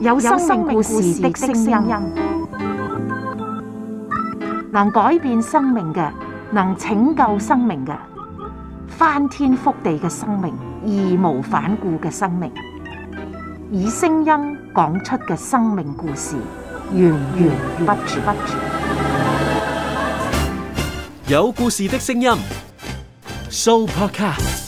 有生命故事的聲音，能改變生命嘅，能拯救生命嘅，翻天覆地嘅生命，義無反顧嘅生命，以聲音講出嘅生命故事，源源不絕。有故事的聲音，Soupercast。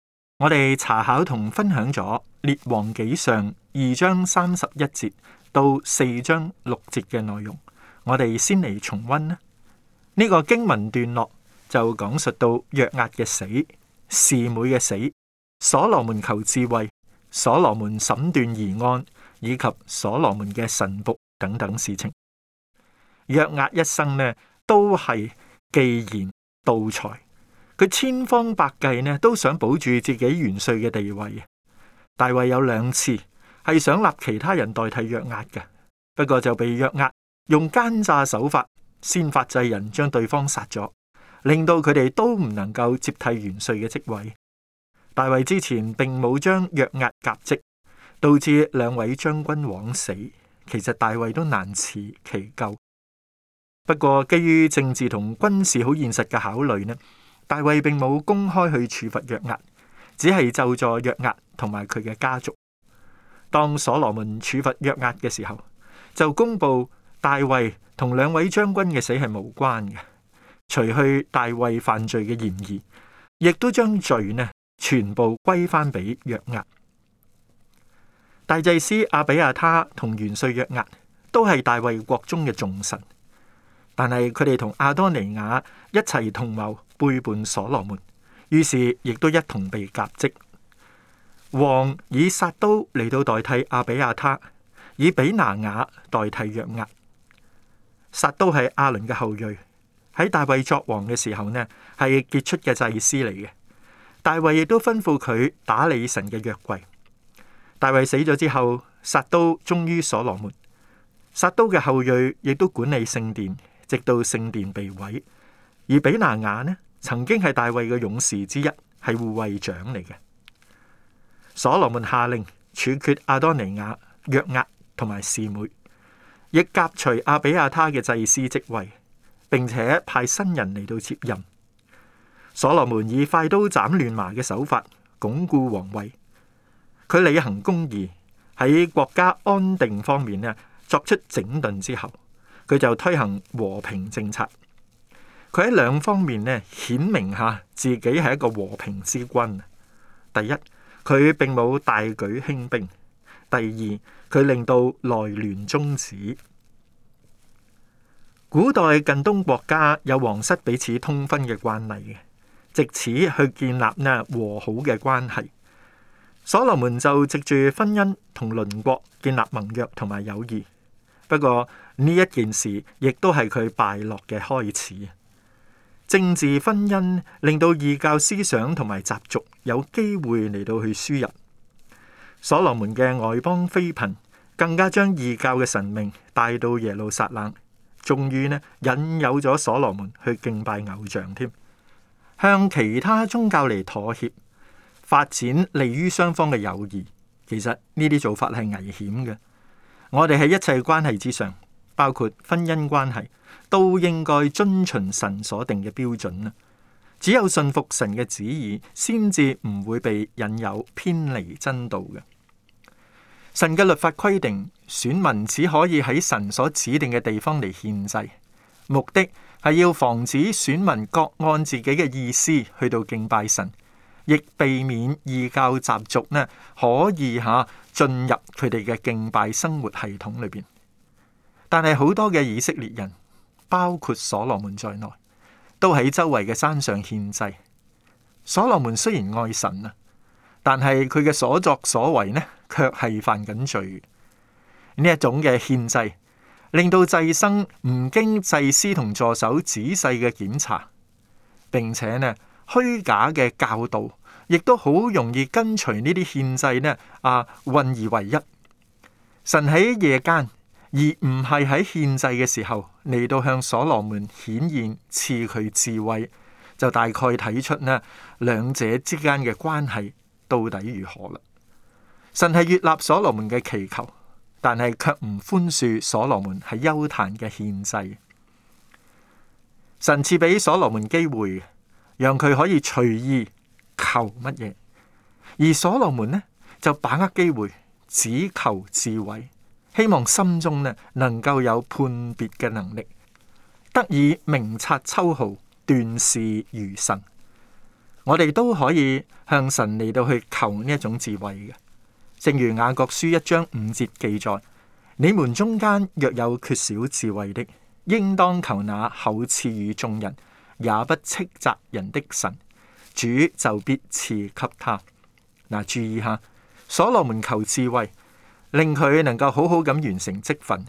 我哋查考同分享咗列王紀上二章三十一節到四章六節嘅內容，我哋先嚟重溫啦。呢、呢個經文段落就講述到約押嘅死、示每嘅死、所羅門求智慧、所羅門審斷疑案，以及所羅門嘅神服等等事情。約押一生呢都係忌賢妒才。佢千方百計呢都想保住自己元帥嘅地位。大衛有兩次係想立其他人代替約押嘅，不過就被約押用奸詐手法先發制人將對方殺咗，令到佢哋都唔能夠接替元帥嘅職位。大衛之前並冇將約押革職，導致兩位將軍枉死，其實大衛都難辭其咎。不過基於政治同軍事好現實嘅考慮呢，大衛並冇公開去處罰約押，只係就助約押同埋佢嘅家族。當所羅門處罰約押嘅時候，就公布大衛同兩位將軍嘅死係無關嘅，除去大衛犯罪嘅嫌疑，亦都將罪呢全部歸翻俾約押。大祭司阿比亞他同元帥約押都係大衛國中嘅眾臣，但係佢哋同阿多尼雅一齊同謀。背叛所羅門，於是亦都一同被革職。王以殺刀嚟到代替亞比亞他，以比拿雅代替約押。殺刀係亞倫嘅後裔，喺大衛作王嘅時候呢，係傑出嘅祭司嚟嘅。大衛亦都吩咐佢打理神嘅約櫃。大衛死咗之後，殺刀忠於所羅門。殺刀嘅後裔亦都管理聖殿，直到聖殿被毀。而比拿雅呢？曾經係大衛嘅勇士之一，係護衛長嚟嘅。所羅門下令處決亞多尼雅、約押同埋侍妹，亦革除阿比亞他嘅祭司職位，並且派新人嚟到接任。所羅門以快刀斬亂麻嘅手法鞏固皇位，佢履行公義喺國家安定方面呢，作出整頓之後，佢就推行和平政策。佢喺兩方面咧，顯明下自己係一個和平之君。第一，佢並冇大舉興兵；第二，佢令到內亂終止。古代近東國家有皇室彼此通婚嘅慣例嘅，借此去建立呢和好嘅關係。所羅門就藉住婚姻同鄰國建立盟約同埋友誼。不過呢一件事亦都係佢敗落嘅開始。政治婚姻令到異教思想同埋習俗有機會嚟到去輸入，所羅門嘅外邦妃嬪更加將異教嘅神明帶到耶路撒冷，終於呢引誘咗所羅門去敬拜偶像添，向其他宗教嚟妥協，發展利於雙方嘅友誼。其實呢啲做法係危險嘅，我哋喺一切關係之上，包括婚姻關係。都應該遵循神所定嘅標準啦。只有信服神嘅旨意，先至唔會被引誘偏離真道嘅。神嘅律法規定，選民只可以喺神所指定嘅地方嚟獻祭，目的係要防止選民各按自己嘅意思去到敬拜神，亦避免異教習俗呢可以吓、啊、進入佢哋嘅敬拜生活系統裏邊。但係好多嘅以色列人。包括所羅門在內，都喺周圍嘅山上獻祭。所羅門雖然愛神啊，但係佢嘅所作所為呢，卻係犯緊罪。呢一種嘅獻祭，令到祭牲唔經祭司同助手仔細嘅檢查，並且呢虛假嘅教導，亦都好容易跟隨呢啲獻祭呢啊混而為一。神喺夜間。而唔係喺獻祭嘅時候嚟到向所羅門顯現，賜佢智慧，就大概睇出呢兩者之間嘅關係到底如何啦。神係悅納所羅門嘅祈求，但係卻唔寬恕所羅門喺邱壇嘅獻祭。神賜俾所羅門機會，讓佢可以隨意求乜嘢，而所羅門呢就把握機會，只求智慧。希望心中呢能夠有判別嘅能力，得以明察秋毫、斷事如神。我哋都可以向神嚟到去求呢一種智慧嘅。正如雅各書一章五節記載：你們中間若有缺少智慧的，應當求那厚賜與眾人、也不斥責人的神，主就必賜給他。嗱、呃，注意下，所羅門求智慧。令佢能夠好好咁完成職份，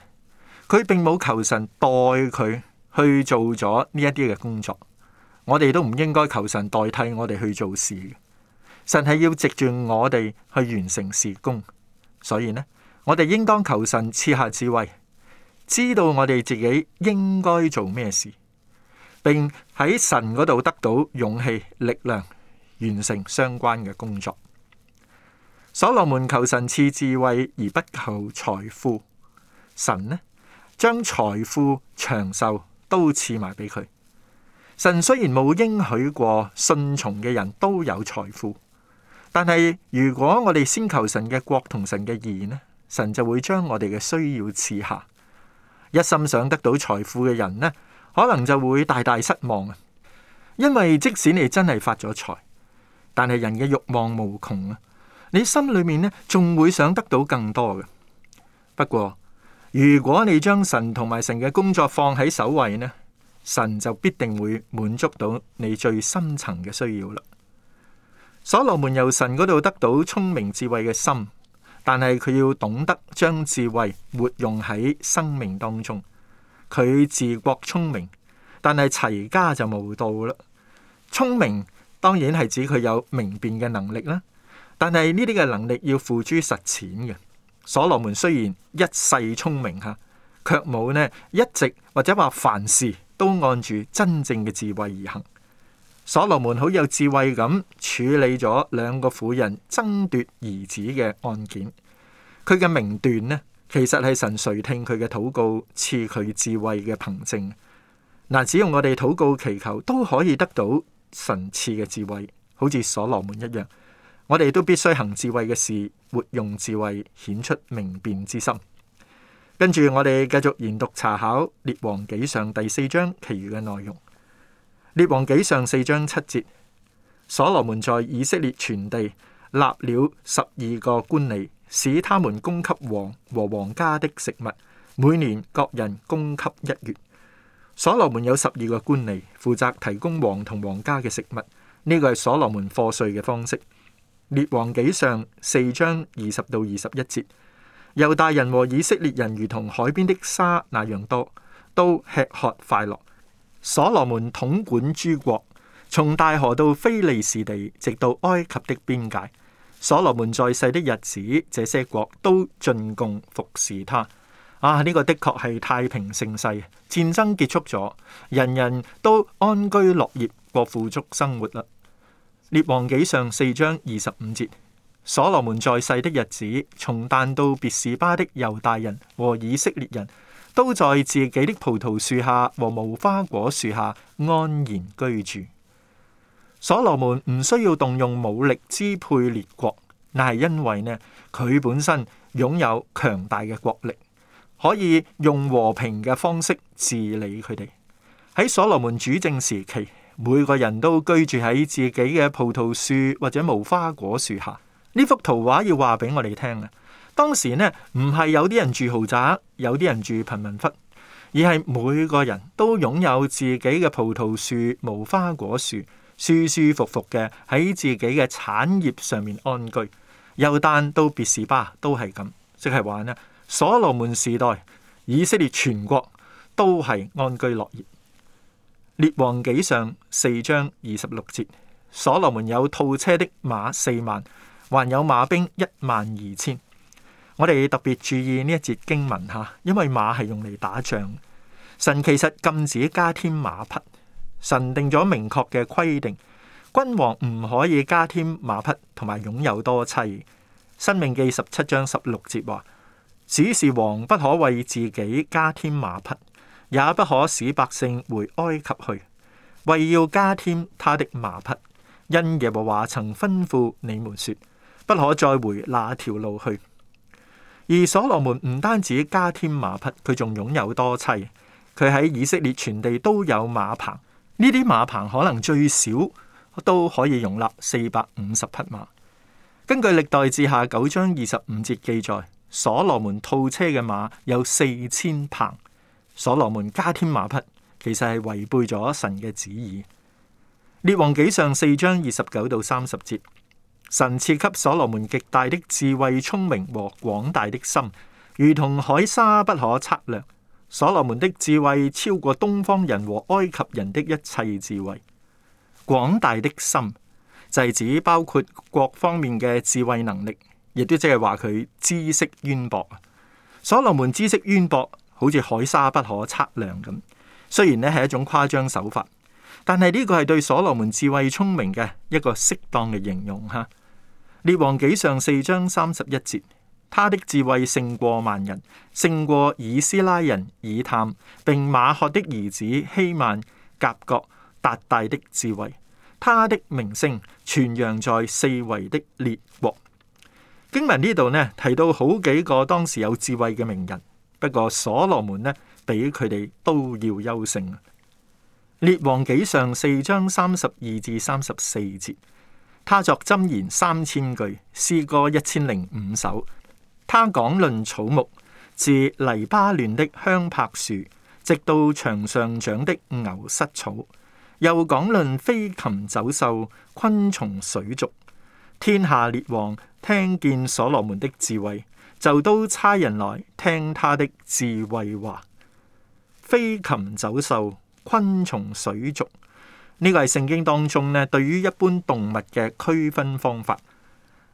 佢並冇求神代佢去做咗呢一啲嘅工作，我哋都唔應該求神代替我哋去做事，神係要藉住我哋去完成事工，所以呢，我哋應當求神賜下智慧，知道我哋自己應該做咩事，並喺神嗰度得到勇氣、力量，完成相關嘅工作。所羅門求神賜智慧而不求財富，神呢，將財富長壽都賜埋俾佢。神雖然冇應許過信從嘅人都有財富，但係如果我哋先求神嘅國同神嘅義呢，神就會將我哋嘅需要賜下。一心想得到財富嘅人呢，可能就會大大失望啊！因為即使你真係發咗財，但係人嘅慾望無窮啊！你心裏面呢，仲會想得到更多嘅。不過，如果你將神同埋神嘅工作放喺首位呢，神就必定會滿足到你最深層嘅需要啦。所羅門由神嗰度得到聰明智慧嘅心，但係佢要懂得將智慧活用喺生命當中。佢治國聰明，但係齊家就無道啦。聰明當然係指佢有明辨嘅能力啦。但係呢啲嘅能力要付諸實踐嘅。所羅門雖然一世聰明吓，卻冇呢一直或者話凡事都按住真正嘅智慧而行。所羅門好有智慧咁處理咗兩個婦人爭奪兒子嘅案件。佢嘅名段呢，其實係神垂聽佢嘅禱告賜佢智慧嘅憑證。嗱，只要我哋禱告祈求，都可以得到神賜嘅智慧，好似所羅門一樣。我哋都必須行智慧嘅事，活用智慧，顯出明辨之心。跟住，我哋繼續研讀查考列王紀上第四章其餘嘅內容。列王紀上,四章,王紀上四章七節，所羅門在以色列全地立了十二個官吏，使他們供給王和王家的食物，每年各人供給一月。所羅門有十二個官吏負責提供王同王家嘅食物，呢、這個係所羅門課稅嘅方式。列王紀上四章二十到二十一節，猶大人和以色列人如同海邊的沙那樣多，都吃喝快樂。所羅門統管諸國，從大河到非利士地，直到埃及的邊界。所羅門在世的日子，這些國都進貢服侍他。啊，呢、這個的確係太平盛世，戰爭結束咗，人人都安居樂業，過富足生活啦。列王記上四章二十五節，所羅門在世的日子，從但到別是巴的猶大人和以色列人，都在自己的葡萄樹下和無花果樹下安然居住。所羅門唔需要動用武力支配列國，那係因為呢，佢本身擁有強大嘅國力，可以用和平嘅方式治理佢哋。喺所羅門主政時期。每個人都居住喺自己嘅葡萄樹或者無花果樹下。呢幅圖畫要話俾我哋聽啊！當時呢唔係有啲人住豪宅，有啲人住貧民窟，而係每個人都擁有自己嘅葡萄樹、無花果樹，舒舒服服嘅喺自己嘅產業上面安居。由但到別是巴都係咁，即係話呢，所羅門時代以色列全國都係安居樂業。列王紀上四章二十六節，所羅門有套車的馬四萬，還有馬兵一萬二千。我哋特別注意呢一節經文吓，因為馬係用嚟打仗。神其實禁止加添馬匹，神定咗明確嘅規定，君王唔可以加添馬匹同埋擁有多妻。申命紀十七章十六節話，只是王不可為自己加添馬匹。也不可使百姓回埃及去，為要加添他的馬匹，因耶和華曾吩咐你們說，不可再回那條路去。而所羅門唔單止加添馬匹，佢仲擁有多妻，佢喺以色列全地都有馬棚。呢啲馬棚可能最少都可以容納四百五十匹馬。根據歷代志下九章二十五節記載，所羅門套車嘅馬有四千棚。所羅門加添馬匹，其實係違背咗神嘅旨意。列王紀上四章二十九到三十節，神賜給所羅門極大的智慧、聰明和廣大的心，如同海沙不可測量。所羅門的智慧超過東方人和埃及人的一切智慧。廣大的心就係、是、指包括各方面嘅智慧能力，亦都即係話佢知識淵博。所羅門知識淵博。好似海沙不可測量咁，雖然呢係一種誇張手法，但係呢個係對所羅門智慧聰明嘅一個適當嘅形容哈。列王紀上四章三十一節，他的智慧勝過萬人，勝過以斯拉人以探，並馬何的兒子希曼甲各，甲各、達大的智慧，他的名聲傳揚在四圍的列國。經文呢度呢提到好幾個當時有智慧嘅名人。不過所羅門呢，比佢哋都要優勝。列王紀上四章三十二至三十四節，他作箴言三千句，詩歌一千零五首。他講論草木，自黎巴嫩的香柏樹，直到牆上長的牛膝草；又講論飛禽走獸、昆蟲水族。天下列王聽見所羅門的智慧，就都差人來聽他的智慧話，飛禽走獸、昆蟲水族，呢、這個係聖經當中呢，對於一般動物嘅區分方法。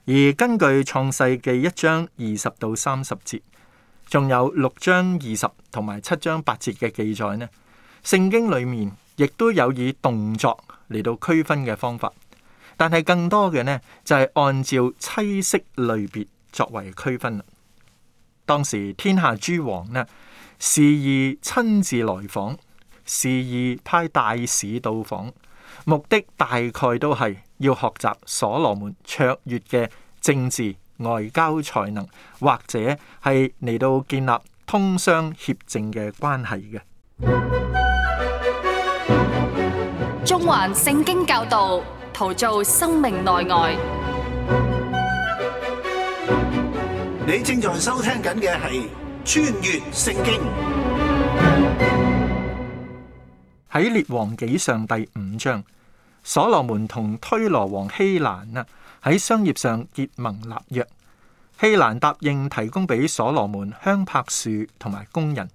而根據創世記一章二十到三十節，仲有六章二十同埋七章八節嘅記載呢，聖經裏面亦都有以動作嚟到區分嘅方法。但係更多嘅呢就係、是、按照棲息類別作為區分。當時天下諸王呢，時而親自來訪，時而派大使到訪，目的大概都係要學習所羅門卓越嘅政治外交才能，或者係嚟到建立通商協政嘅關係嘅。中環聖經教導，陶造生命內外。你正在收聽緊嘅係《穿越聖經》，喺《列王紀上》第五章，所羅門同推羅王希蘭啊喺商業上結盟立約，希蘭答應提供俾所羅門香柏樹同埋工人，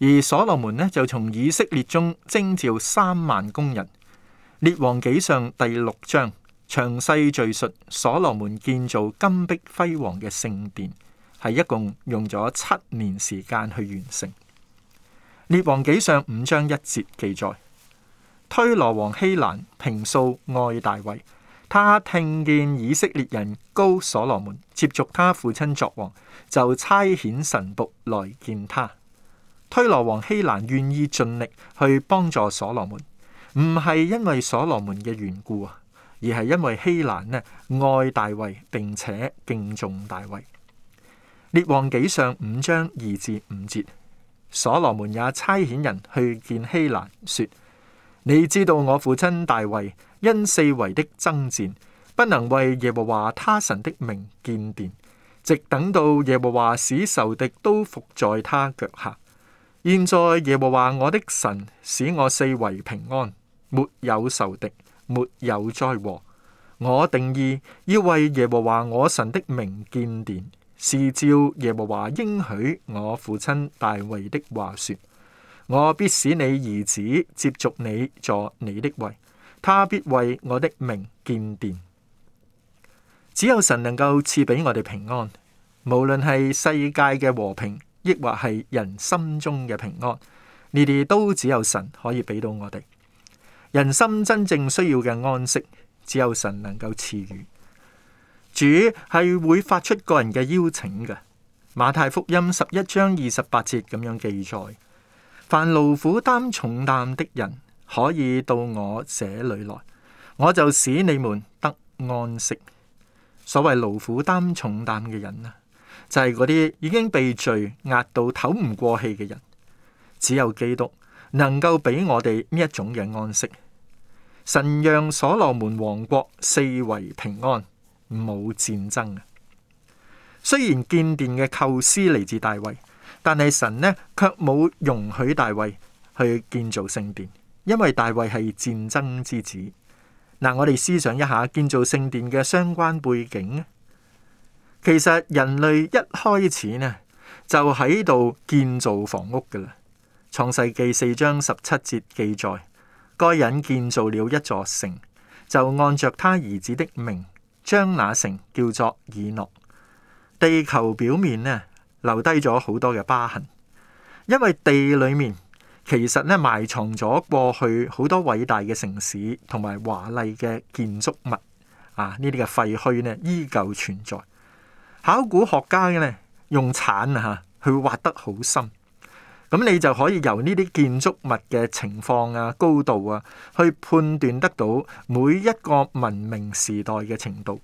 而所羅門呢就從以色列中征召三萬工人，《列王紀上》第六章。詳細敘述所羅門建造金碧輝煌嘅聖殿，係一共用咗七年時間去完成。列王紀上五章一節記載：推羅王希蘭平素愛大衛，他聽見以色列人膏所羅門接續他父親作王，就差遣臣僕來見他。推羅王希蘭願意盡力去幫助所羅門，唔係因為所羅門嘅緣故啊。而係因為希蘭呢愛大衛，並且敬重大衛。列王記上五章二至五節，所羅門也差遣人去見希蘭，說：你知道我父親大衛因四圍的爭戰，不能為耶和華他神的名建殿，直等到耶和華使仇敵都伏在他腳下。現在耶和華我的神使我四圍平安，沒有仇敵。沒有災禍。我定義要為耶和華我神的名建殿，是照耶和華應許我父親大衛的話說：我必使你兒子接續你坐你的位，他必為我的名建殿。只有神能夠賜俾我哋平安，無論係世界嘅和平，亦或係人心中嘅平安，你哋都只有神可以俾到我哋。人心真正需要嘅安息，只有神能夠賜予。主係會發出個人嘅邀請嘅。馬太福音十一章二十八節咁樣記載：凡勞苦擔重擔的人，可以到我這裏來，我就使你們得安息。所謂勞苦擔重擔嘅人啊，就係嗰啲已經被罪壓到唞唔過氣嘅人。只有基督能夠俾我哋呢一種嘅安息。神讓所羅門王國四圍平安，冇戰爭啊！雖然建殿嘅構思嚟自大衛，但係神呢，卻冇容許大衛去建造聖殿，因為大衛係戰爭之子。嗱，我哋思想一下建造聖殿嘅相關背景。其實人類一開始呢，就喺度建造房屋㗎喇，《創世記》四章十七節記載。該人建造了一座城，就按着他兒子的名，將那城叫做以諾。地球表面呢，留低咗好多嘅疤痕，因為地裏面其實呢埋藏咗過去好多偉大嘅城市同埋華麗嘅建築物啊！呢啲嘅廢墟呢，依舊存在。考古學家嘅呢，用鏟啊去挖得好深。咁你就可以由呢啲建築物嘅情況啊、高度啊，去判斷得到每一個文明時代嘅程度。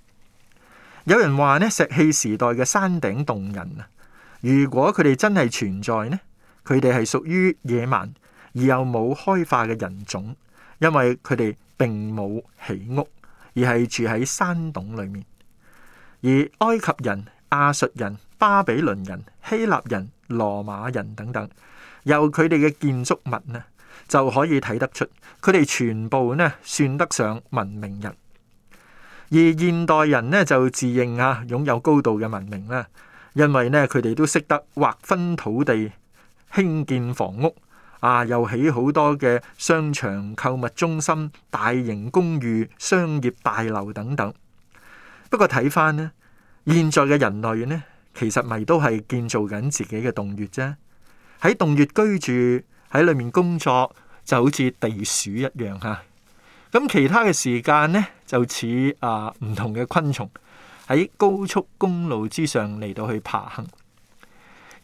有人話呢，石器時代嘅山頂洞人啊，如果佢哋真係存在呢，佢哋係屬於野蠻而又冇開化嘅人種，因為佢哋並冇起屋，而係住喺山洞裏面。而埃及人、亞述人、巴比倫人、希臘人、羅馬人等等。由佢哋嘅建築物呢，就可以睇得出佢哋全部呢，算得上文明人。而現代人呢，就自認啊擁有高度嘅文明啦，因為呢，佢哋都識得劃分土地、興建房屋啊，又起好多嘅商場、購物中心、大型公寓、商業大樓等等。不過睇返呢，現在嘅人類呢，其實咪都係建造緊自己嘅洞穴啫。喺洞穴居住，喺裏面工作就好似地鼠一樣吓。咁、啊、其他嘅時間呢，就似啊唔同嘅昆蟲喺高速公路之上嚟到去爬行。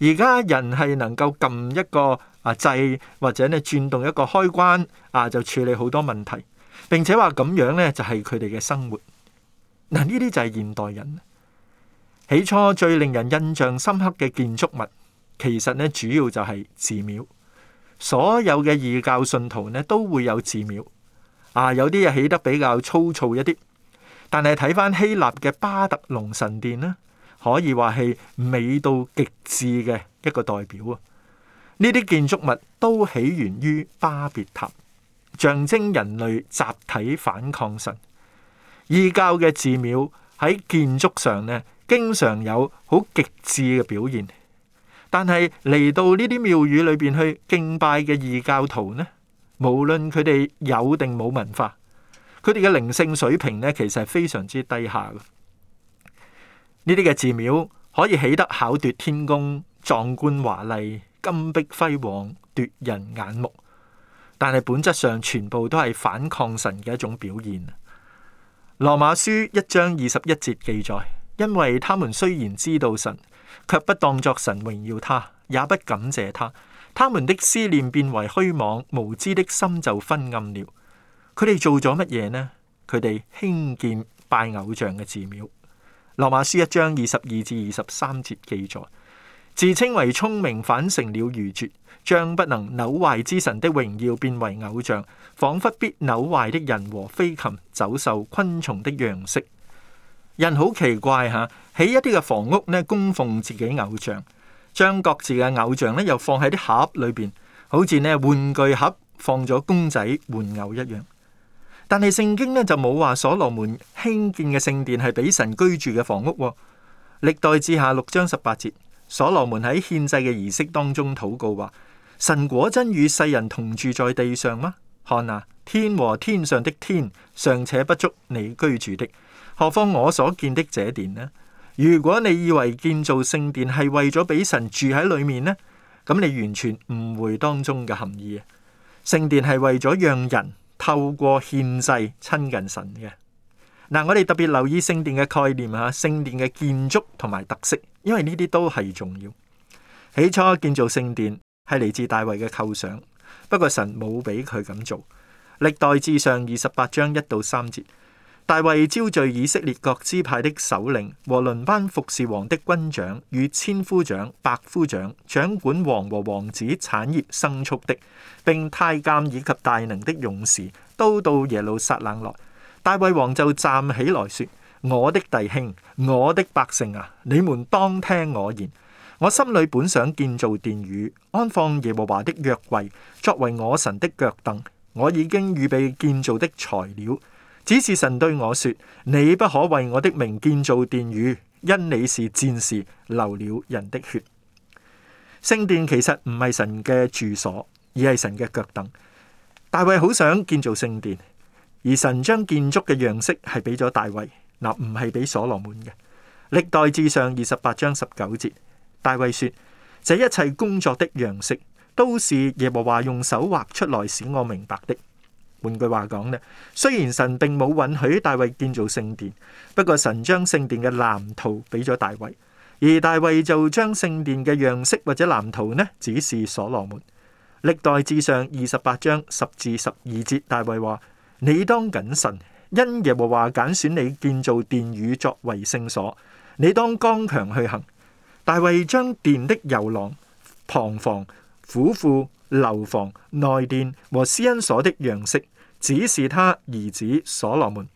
而家人係能夠撳一個啊掣，或者咧轉動一個開關啊，就處理好多問題，並且話咁樣呢，就係佢哋嘅生活。嗱、啊，呢啲就係現代人。起初最令人印象深刻嘅建築物。其實咧，主要就係寺廟，所有嘅異教信徒咧都會有寺廟啊。有啲又起得比較粗糙一啲，但係睇返希臘嘅巴特隆神殿咧，可以話係美到極致嘅一個代表啊。呢啲建築物都起源於巴別塔，象徵人類集體反抗神。異教嘅寺廟喺建築上咧，經常有好極致嘅表現。但係嚟到呢啲廟宇裏邊去敬拜嘅異教徒呢，無論佢哋有定冇文化，佢哋嘅靈性水平呢，其實係非常之低下嘅。呢啲嘅寺廟可以起得巧奪天工、壯觀華麗、金碧輝煌、奪人眼目，但係本質上全部都係反抗神嘅一種表現。羅馬書一章二十一節記載，因為他們雖然知道神。卻不當作神榮耀他，也不感謝他。他們的思念變為虛妄，無知的心就昏暗了。佢哋做咗乜嘢呢？佢哋興建拜偶像嘅寺廟。羅馬書一章二十二至二十三節記載：自稱為聰明，反成了愚拙，將不能朽壞之神的榮耀變為偶像，仿佛必朽壞的人和飛禽、走獸、昆蟲的樣式。人好奇怪吓，起一啲嘅房屋咧供奉自己偶像，將各自嘅偶像咧又放喺啲盒裏邊，好似咧玩具盒放咗公仔、玩偶一樣。但係聖經咧就冇話所羅門興建嘅聖殿係俾神居住嘅房屋。歷代志下六章十八節，所羅門喺獻祭嘅儀式當中禱告話：神果真與世人同住在地上嗎？看啊，天和天上的天尚且不足你居住的。何況我所建的這殿呢？如果你以為建造聖殿係為咗俾神住喺裏面呢，咁你完全誤會當中嘅含義啊。聖殿係為咗讓人透過獻祭親近神嘅。嗱，我哋特別留意聖殿嘅概念啊，聖殿嘅建築同埋特色，因為呢啲都係重要。起初建造聖殿係嚟自大衛嘅構想，不過神冇俾佢咁做。歷代志上二十八章一到三節。大衛招聚以色列各支派的首領和輪班服侍王的軍長與千夫長、百夫長，掌管王和王子產業生畜的，並太監以及大能的勇士，都到耶路撒冷來。大衛王就站起來說：我的弟兄、我的百姓啊，你們當聽我言。我心裏本想建造殿宇，安放耶和華的約櫃，作為我神的腳凳。我已經預備建造的材料。只是神對我說：你不可為我的名建造殿宇，因你是戰士，流了人的血。聖殿其實唔係神嘅住所，而係神嘅腳凳。大衛好想建造聖殿，而神將建築嘅樣式係俾咗大衛，嗱唔係俾所羅門嘅。歷代志上二十八章十九節，大衛說：這一切工作的樣式，都是耶和華用手畫出來，使我明白的。換句話講咧，雖然神並冇允許大衛建造聖殿，不過神將聖殿嘅藍圖俾咗大衛，而大衛就將聖殿嘅樣式或者藍圖呢，指示所羅門。歷代志上二十八章十至十二節，大衛話：你當謹慎，因耶和華揀選你建造殿宇作為聖所，你當剛強去行。大衛將殿的遊廊、旁房、府庫……樓房內殿和施恩所的樣式，指示他兒子所羅門。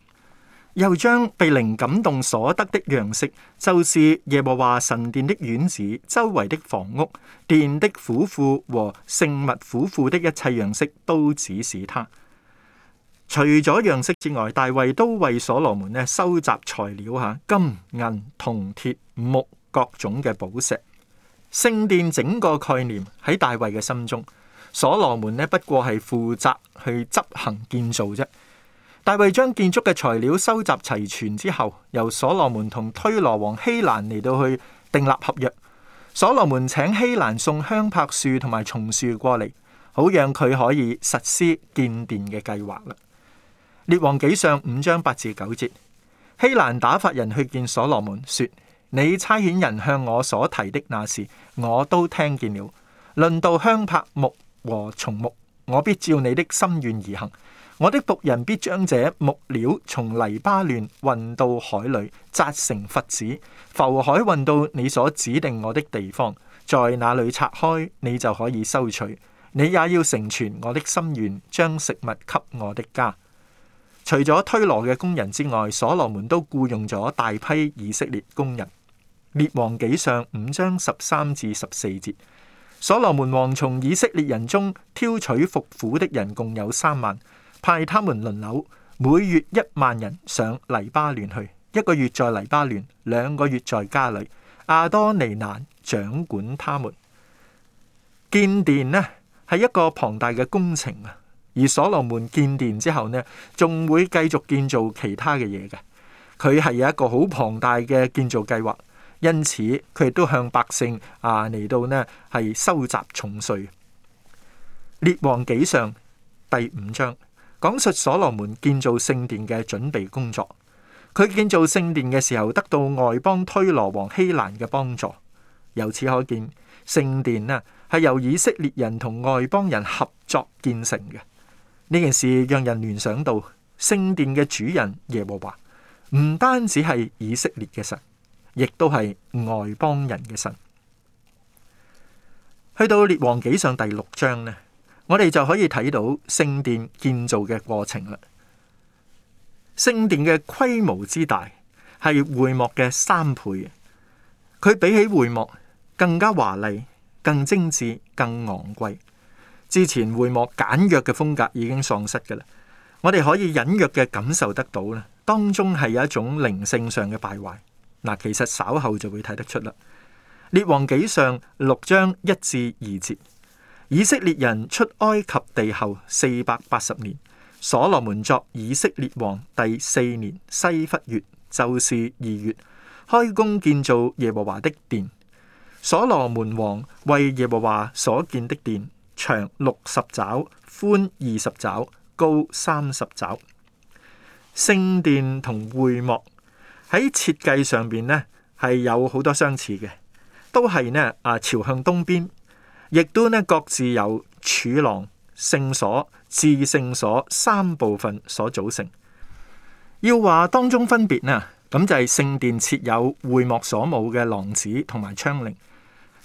又將被靈感動所得的樣式，就是耶和華神殿的院子周圍的房屋殿、的府庫和聖物府庫的一切樣式，都指示他。除咗樣式之外，大衛都為所羅門呢收集材料吓金、銀、銅、鐵、木各種嘅寶石。聖殿整個概念喺大衛嘅心中。所羅門呢？不過係負責去執行建造啫。大衛將建築嘅材料收集齊全之後，由所羅門同推羅王希蘭嚟到去訂立合約。所羅門請希蘭送香柏樹同埋松樹過嚟，好讓佢可以實施建殿嘅計劃啦。列王紀上五章八至九節，希蘭打發人去見所羅門，說：你差遣人向我所提的那事，我都聽見了。論到香柏木，和松木，我必照你的心願而行。我的僕人必將這木料從泥巴亂運,運到海裡，紮成佛子，浮海運到你所指定我的地方，在那裡拆開，你就可以收取。你也要成全我的心願，將食物給我的家。除咗推羅嘅工人之外，所羅門都雇傭咗大批以色列工人。列王紀上五章十三至十四節。所羅門王從以色列人中挑取服苦的人，共有三萬，派他們輪流，每月一萬人上黎巴嫩去，一個月在黎巴嫩，兩個月在家裏。阿多尼難掌管他們。建殿呢係一個龐大嘅工程啊，而所羅門建殿之後呢，仲會繼續建造其他嘅嘢嘅，佢係有一個好龐大嘅建造計劃。因此，佢亦都向百姓啊嚟到呢係收集重稅。列王紀上第五章講述所羅門建造聖殿嘅準備工作。佢建造聖殿嘅時候，得到外邦推羅王希蘭嘅幫助。由此可見，聖殿啊係由以色列人同外邦人合作建成嘅。呢件事讓人聯想到聖殿嘅主人耶和華，唔單止係以色列嘅神。亦都係外邦人嘅神。去到列王紀上第六章呢，我哋就可以睇到聖殿建造嘅過程啦。聖殿嘅規模之大，係會幕嘅三倍。佢比起會幕更加華麗、更精緻、更昂貴。之前會幕簡約嘅風格已經喪失㗎喇。我哋可以隱約嘅感受得到咧，當中係有一種靈性上嘅敗壞。嗱，其實稍後就會睇得出啦。列王紀上六章一至二節，以色列人出埃及地後四百八十年，所羅門作以色列王第四年西弗月就是二月，開工建造耶和華的殿。所羅門王為耶和華所建的殿，長六十肘，寬二十肘，高三十肘。聖殿同會幕，喺設計上邊呢，係有好多相似嘅，都係咧啊，朝向東邊，亦都咧各自有柱廊、聖所、至聖所三部分所組成。要話當中分別啊，咁就係聖殿設有會幕所冇嘅廊子同埋窗棂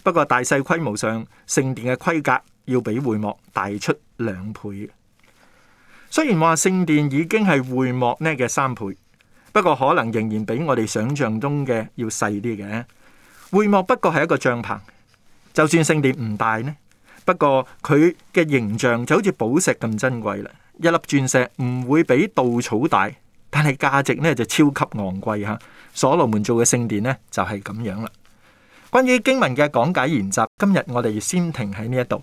不過大細規模上，聖殿嘅規格要比會幕大出兩倍。雖然話聖殿已經係會幕咧嘅三倍。不過可能仍然比我哋想象中嘅要細啲嘅。會幕，不過係一個帳篷。就算聖殿唔大呢，不過佢嘅形象就好似寶石咁珍貴啦。一粒鑽石唔會比稻草大，但係價值呢就超級昂貴吓。所羅門做嘅聖殿呢就係咁樣啦。關於經文嘅講解研習，今日我哋先停喺呢一度。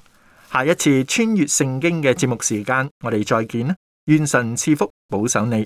下一次穿越聖經嘅節目時間，我哋再見啦。願神賜福保守你。